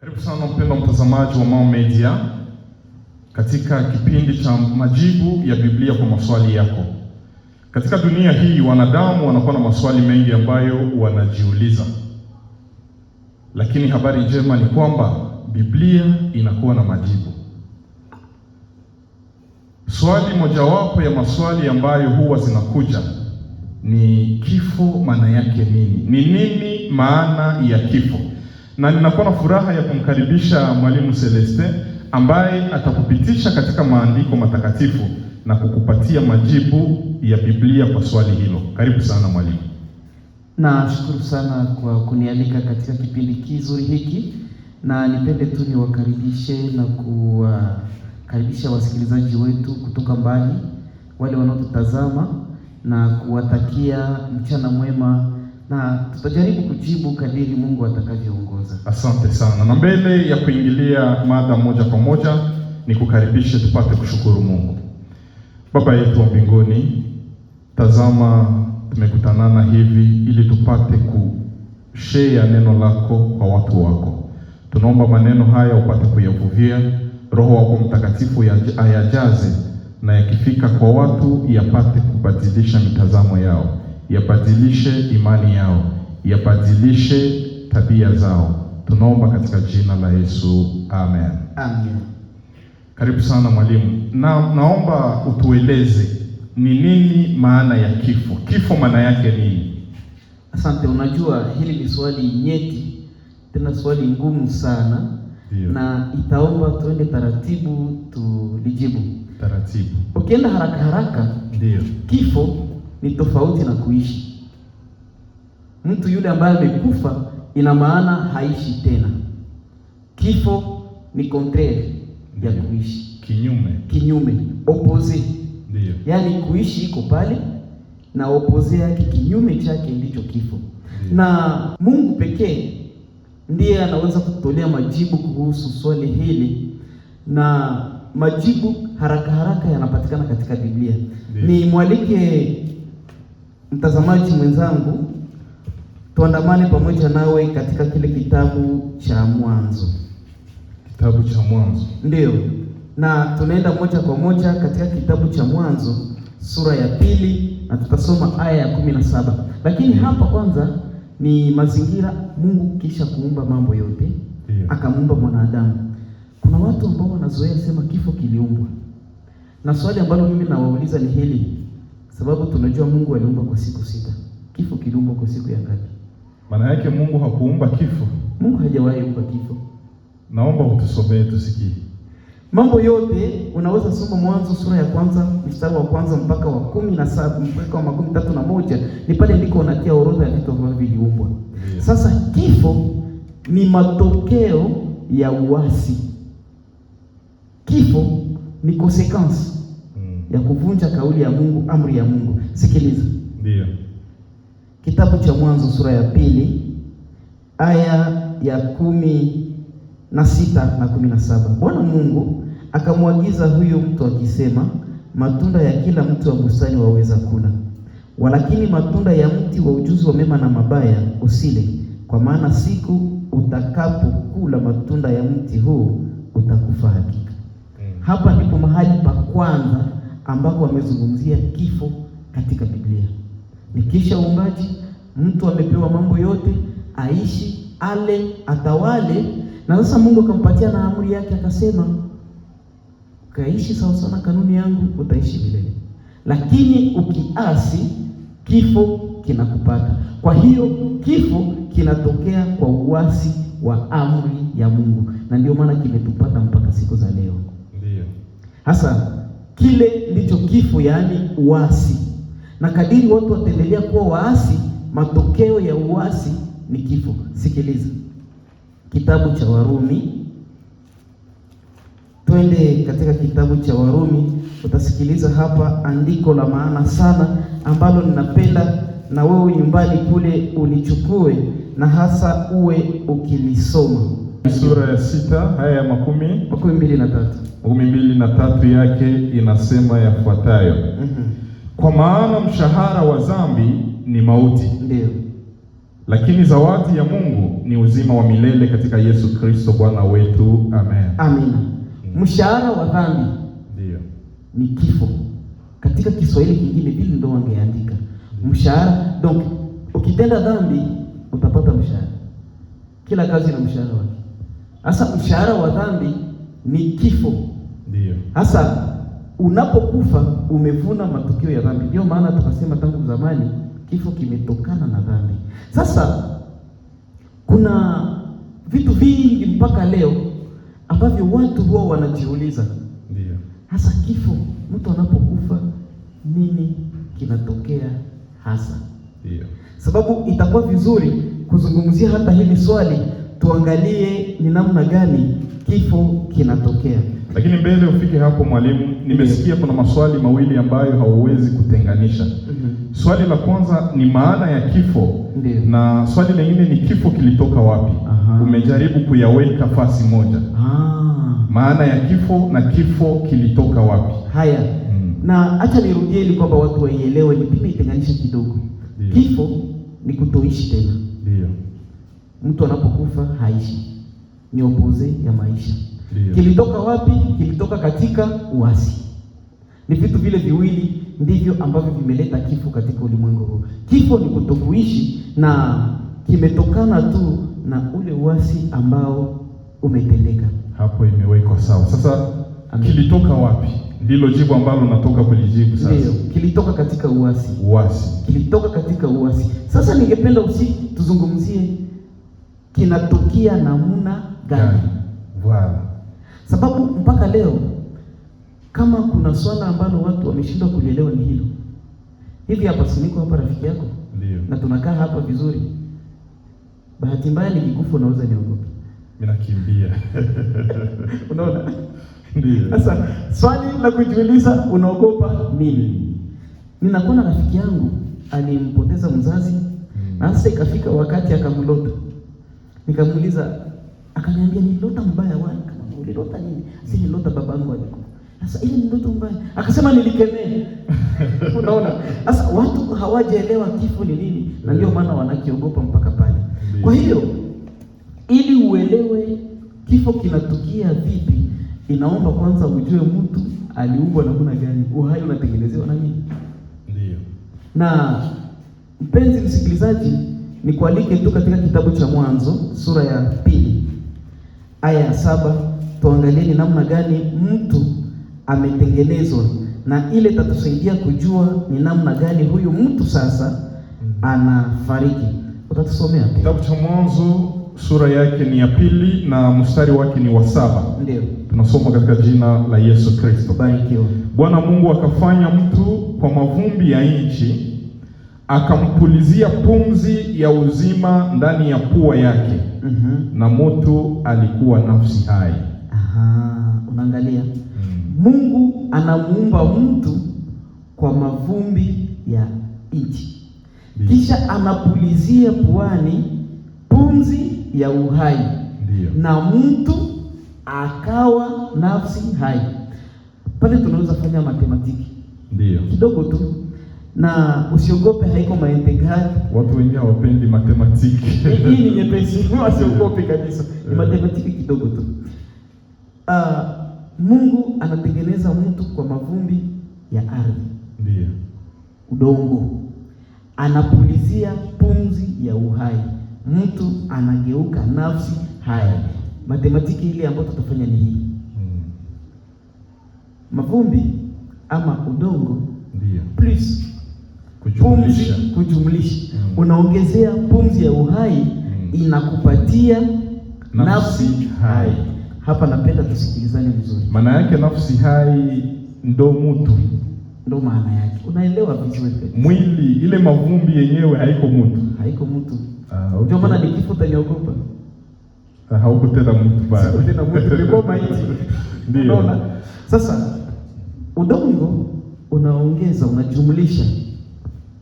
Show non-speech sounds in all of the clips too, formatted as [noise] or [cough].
Karibu sana mpendwa mtazamaji wa Mao Media katika kipindi cha majibu ya Biblia kwa maswali yako. Katika dunia hii wanadamu wanakuwa na maswali mengi ambayo wanajiuliza, lakini habari njema ni kwamba Biblia inakuwa na majibu. Swali mojawapo ya maswali ambayo huwa zinakuja ni kifo, maana yake nini? Ni nini maana ya kifo? na ninakuwa na furaha ya kumkaribisha Mwalimu Celeste ambaye atakupitisha katika maandiko matakatifu na kukupatia majibu ya Biblia kwa swali hilo. Karibu sana mwalimu. Nashukuru sana kwa kunialika katika kipindi kizuri hiki, na nipende tu niwakaribishe na kuwakaribisha wasikilizaji wetu kutoka mbali, wale wanaotutazama na kuwatakia mchana mwema na tutajaribu kujibu kadiri Mungu atakavyoongoza. Asante sana, na mbele ya kuingilia mada moja kwa moja, ni kukaribishe tupate kushukuru Mungu. Baba yetu wa mbinguni, tazama tumekutanana hivi ili tupate kushea neno lako kwa watu wako. Tunaomba maneno haya upate kuyavuvia, Roho wako Mtakatifu ayajaze, na yakifika kwa watu yapate kubadilisha mitazamo yao yabadilishe imani yao, yabadilishe tabia zao. Tunaomba katika jina la Yesu, amen, amen. Karibu sana mwalimu na, naomba utueleze ni nini maana ya kifo. Kifo maana yake nini? Asante. Unajua, hili ni swali nyeti tena swali ngumu sana Dio. na itaomba tuende taratibu tulijibu taratibu, ukienda haraka haraka. Ndio, kifo ni tofauti na kuishi. Mtu yule ambaye amekufa, ina maana haishi tena. Kifo ni contraire ya kuishi, kinyume, kinyume, opposite. Ndio, yaani kuishi iko pale na opposite yake, kinyume chake ndicho kifo. Ndiyo. Na Mungu pekee ndiye anaweza kutolea majibu kuhusu swali hili na majibu haraka haraka yanapatikana katika Biblia. Ndiyo. Ni mwalike mtazamaji mwenzangu, tuandamane pamoja nawe katika kile kitabu cha Mwanzo, kitabu cha Mwanzo ndio na tunaenda moja kwa moja katika kitabu cha Mwanzo sura ya pili na tutasoma aya ya kumi na saba. Lakini hapa kwanza ni mazingira. Mungu kisha kuumba mambo yote akamuumba mwanadamu. Kuna watu ambao wanazoea sema kifo kiliumbwa, na swali ambalo mimi nawauliza ni hili sababu tunajua Mungu aliumba kwa siku sita. Kifo kiliumbwa kwa siku ya ngapi? Maana yake Mungu hakuumba kifo. Mungu hajawahi umba kifo. Naomba utusomee tusikie. Mambo yote unaweza soma Mwanzo sura ya kwanza mstari wa kwanza mpaka wa kumi na saba mpaka wa makumi tatu na moja ni pale ndiko unatia orodha ya vitu ambavyo viliumbwa. Yeah. Sasa kifo ni matokeo ya uasi. Kifo ni konsekansi ya kuvunja kauli ya Mungu, amri ya Mungu. Sikiliza, ndio kitabu cha Mwanzo sura ya pili aya ya kumi na sita na kumi na saba Bwana Mungu akamwagiza huyo mtu akisema, matunda ya kila mtu wa bustani waweza kula, walakini matunda ya mti wa ujuzi wa mema na mabaya usile, kwa maana siku utakapokula matunda ya mti huu utakufa hakika. Hmm. Hapa ndipo mahali pa kwanza ambako wamezungumzia kifo katika Biblia. Ni kisha uumbaji, mtu amepewa mambo yote, aishi, ale, atawale. Na sasa Mungu akampatia na amri yake, akasema ukaishi sawa sana kanuni yangu, utaishi milele, lakini ukiasi, kifo kinakupata. Kwa hiyo kifo kinatokea kwa uasi wa amri ya Mungu, na ndio maana kimetupata mpaka siku za leo. Ndio hasa Kile ndicho kifo, yaani uasi. Na kadiri watu wataendelea kuwa waasi, matokeo ya uasi ni kifo. Sikiliza kitabu cha Warumi, twende katika kitabu cha Warumi. Utasikiliza hapa andiko la maana sana ambalo ninapenda na wewe nyumbani kule unichukue na hasa uwe ukilisoma. Sura ya sita haya ya makumi makumi mbili na tatu makumi mbili na tatu yake inasema yafuatayo mm -hmm. Kwa maana mshahara wa dhambi ni mauti, ndiyo, lakini zawadi ya Mungu ni uzima wa milele katika Yesu Kristo Bwana wetu, amen, amina. Mshahara wa dhambi ndiyo ni kifo, katika Kiswahili kingine vile ndo wangeandika mshahara. Donc ukitenda dhambi utapata mshahara, kila kazi na mshahara wake Hasa mshahara wa dhambi ni kifo. Ndio. Hasa unapokufa umevuna matukio ya dhambi. Ndio maana tukasema tangu zamani kifo kimetokana na dhambi. Sasa kuna vitu vingi mpaka leo ambavyo watu huwa wanajiuliza. Ndio. Hasa kifo, mtu anapokufa nini kinatokea hasa? Ndio. Sababu itakuwa vizuri kuzungumzia hata hili swali tuangalie ni namna gani kifo kinatokea. Lakini mbele ufike hapo, mwalimu, nimesikia kuna maswali mawili ambayo hauwezi kutenganisha. mm -hmm. Swali la kwanza ni maana ya kifo. Ndiyo. na swali lingine ni kifo kilitoka wapi? Aha. Umejaribu kuyaweka fasi moja. Ah. maana ya kifo na kifo kilitoka wapi? Haya. mm. na acha nirudie ili kwamba watu waielewe, nipime itenganisha kidogo. Kifo ni kutoishi tena Mtu anapokufa haishi, ni opoze ya maisha. Dio. Kilitoka wapi? Kilitoka katika uasi. Ni vitu vile viwili ndivyo ambavyo vimeleta kifo katika ulimwengu huu. Kifo ni kutokuishi na kimetokana tu na ule uasi ambao umetendeka. Hapo imewekwa sawa. Sasa Amin. Kilitoka wapi? Ndilo jibu ambalo natoka kulijibu sasa. Ndio, kilitoka katika uasi. Uasi. Kilitoka katika uasi. Sasa ningependa usi tuzungumzie kinatukia namna gani? Wow. Sababu mpaka leo kama kuna swala ambalo watu wameshindwa kulielewa ni hilo. Hivi hapa siniko hapa rafiki yako? Ndio. Na tunakaa hapa vizuri. Bahati mbaya nikikufa unaweza niogope. Mimi nakimbia. [laughs] Unaona? Ndio. Sasa swali la kujiuliza unaogopa nini? Ninakuwa na rafiki yangu alimpoteza mzazi mm. na sasa hmm. ikafika wakati akamlota Nikamuuliza, akaniambia ni ndoto mbaya wani, kama ulilota nini? Si nilota babangu alikuwa. Sasa ile ni ndoto mbaya. Akasema nilikemea. [laughs] Unaona? Sasa watu hawajaelewa kifo ni nini na ndio maana wanakiogopa mpaka pale. Kwa hiyo ili uelewe kifo kinatukia vipi, inaomba kwanza ujue mtu aliumbwa namna gani, uhai unatengenezewa na nini? Ndio. Na mpenzi msikilizaji Nikualike tu katika kitabu cha Mwanzo sura ya pili aya ya saba tuangalie ni namna gani mtu ametengenezwa, na ile tatusaidia kujua ni namna gani huyu mtu sasa anafariki. Utatusomea kitabu cha Mwanzo sura yake ni ya pili na mstari wake ni wa saba. Ndio tunasoma katika jina la Yesu Kristo. Barikiwa Bwana Mungu akafanya mtu kwa mavumbi ya nchi akampulizia pumzi ya uzima ndani ya pua yake mm -hmm. na moto alikuwa nafsi hai. Aha, unaangalia mm. Mungu anamuumba mtu kwa mavumbi ya nchi, kisha anapulizia puani pumzi ya uhai Dio. na mtu akawa nafsi hai. Pale tunaweza fanya matematiki Dio. kidogo tu na usiogope, haiko maintegral. Watu wengi hawapendi matematiki hii ni nyepesi, [laughs] wasiogope kabisa, ni eh. matematiki kidogo tu. Uh, Mungu anatengeneza mtu kwa mavumbi ya ardhi, ndio udongo, anapulizia pumzi ya uhai, mtu anageuka nafsi hai. Matematiki ile ambayo tutafanya ni hii hmm. mavumbi ama udongo ndio plus pumzi kujumlisha. Mm. Unaongezea pumzi ya uhai mm. inakupatia nafsi, nafsi hai. Hapa napenda tusikilizane vizuri, maana yake nafsi hai ndo mtu, ndo maana yake, unaelewa vizuri. Mwili ile mavumbi yenyewe haiko mtu, haiko mtu. Ah, okay. maana nikifa utaniogopa ah, hauko tena mtu tena mtu Ndio sasa udongo unaongeza, unajumlisha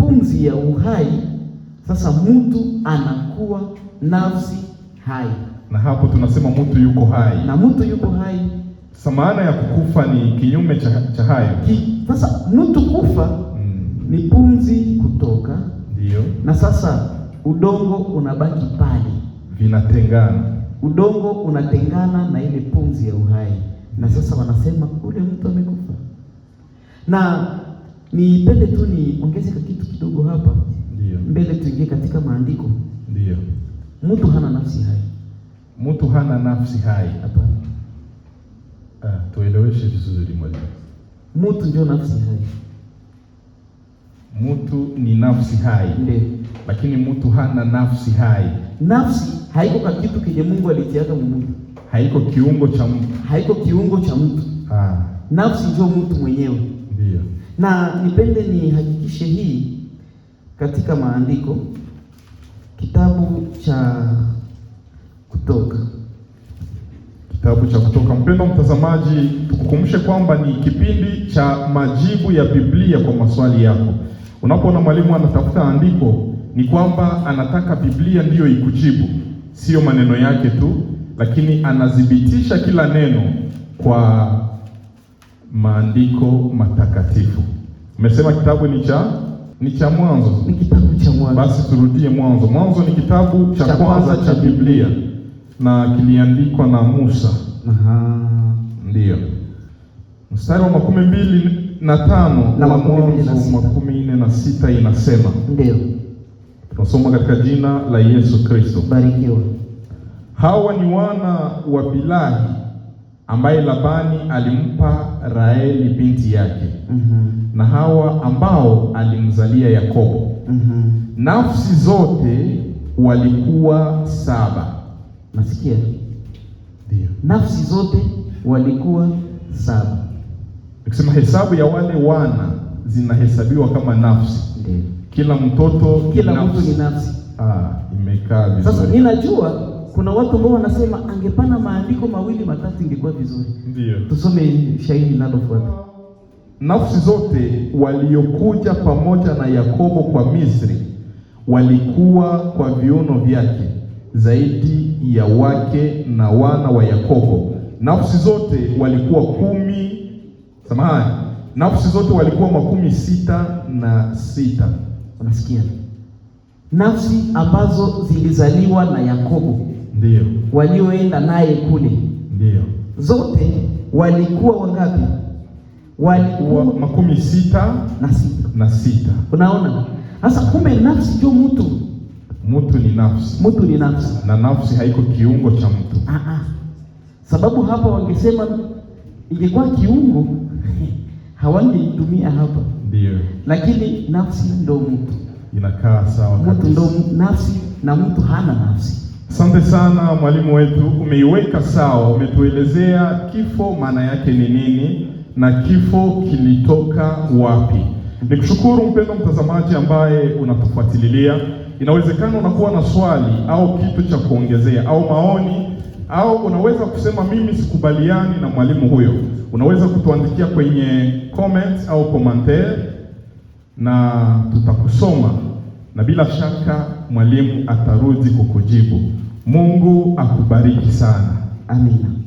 pumzi ya uhai, sasa mtu anakuwa nafsi hai, na hapo tunasema mtu yuko hai, na mtu yuko hai. Sasa maana ya kukufa ni kinyume cha, cha hayo. Sasa mtu kufa mm, ni pumzi kutoka, ndio, na sasa udongo unabaki pale, vinatengana, udongo unatengana na ile pumzi ya uhai, na sasa wanasema ule mtu amekufa na Nipende tu niongeze kitu kidogo hapa Ndiyo. mbele tuingie katika maandiko Ndio, mtu hana nafsi hai, mtu hana nafsi hai. Hapana. Ah, tueleweshe vizuri mwalimu. Mtu ndio nafsi hai, mtu ni nafsi hai Ndio. lakini mtu hana nafsi hai. Nafsi haiko kwa kitu kenye Mungu alitiaka mtu, haiko kiungo cha mtu, haiko kiungo cha mtu ah. nafsi ndio mtu mwenyewe Ndio na nipende nihakikishe hii katika maandiko, kitabu cha Kutoka, kitabu cha Kutoka. Mpendwa mtazamaji, tukukumbushe kwamba ni kipindi cha majibu ya Biblia kwa maswali yako. Unapoona mwalimu anatafuta andiko, ni kwamba anataka Biblia ndiyo ikujibu, siyo maneno yake tu, lakini anathibitisha kila neno kwa maandiko matakatifu. Umesema kitabu ni cha ni cha Mwanzo, ni kitabu cha Mwanzo. Basi turudie Mwanzo. Mwanzo ni kitabu cha kwanza cha Biblia na kiliandikwa na Musa. Aha, ndiyo. Mstari wa makumi mbili na tano na Mwanzo makumi nne na sita inasema, ndiyo tunasoma katika jina la Yesu Kristo, barikiwa. Hawa ni wana wa bilahi ambaye Labani alimpa Raheli binti yake mm -hmm. na Hawa ambao alimzalia Yakobo mm -hmm. nafsi zote walikuwa saba. Nasikia ndio, nafsi zote walikuwa saba. Nikisema hesabu ya wale wana zinahesabiwa kama nafsi ndio. Kila mtoto kila mtu ni nafsi. Ah, imekaa vizuri. Sasa ninajua kuna watu ambao wanasema angepana maandiko mawili matatu ingekuwa vizuri. Ndio tusome shairi linalofuata: nafsi zote waliokuja pamoja na Yakobo kwa Misri walikuwa kwa viuno vyake zaidi ya wake na wana wa Yakobo. Nafsi zote walikuwa kumi, samahani, nafsi zote walikuwa makumi sita na sita. Unasikia, nafsi ambazo zilizaliwa na Yakobo ndio, walioenda naye kule ndio, zote walikuwa wangapi? Walikuwa makumi sita na sita na sita. Unaona sasa, kumbe nafsi ndio mtu, mtu ni nafsi, mtu ni nafsi, na nafsi haiko kiungo cha mtu. ah. ah. Sababu hapa wangesema ingekuwa kiungo [laughs] hawangeitumia hapa, ndio, lakini nafsi ndo mtu inakaa sawa, mtu ndo nafsi na mtu hana nafsi Asante sana mwalimu wetu, umeiweka sawa, umetuelezea kifo maana yake ni nini na kifo kilitoka wapi. Nikushukuru mpendwa mtazamaji ambaye unatufuatililia. Inawezekana unakuwa na swali au kitu cha kuongezea au maoni, au unaweza kusema mimi sikubaliani na mwalimu huyo. Unaweza kutuandikia kwenye comment au commentaire na tutakusoma na bila shaka mwalimu atarudi kukujibu. Mungu akubariki sana. Amina.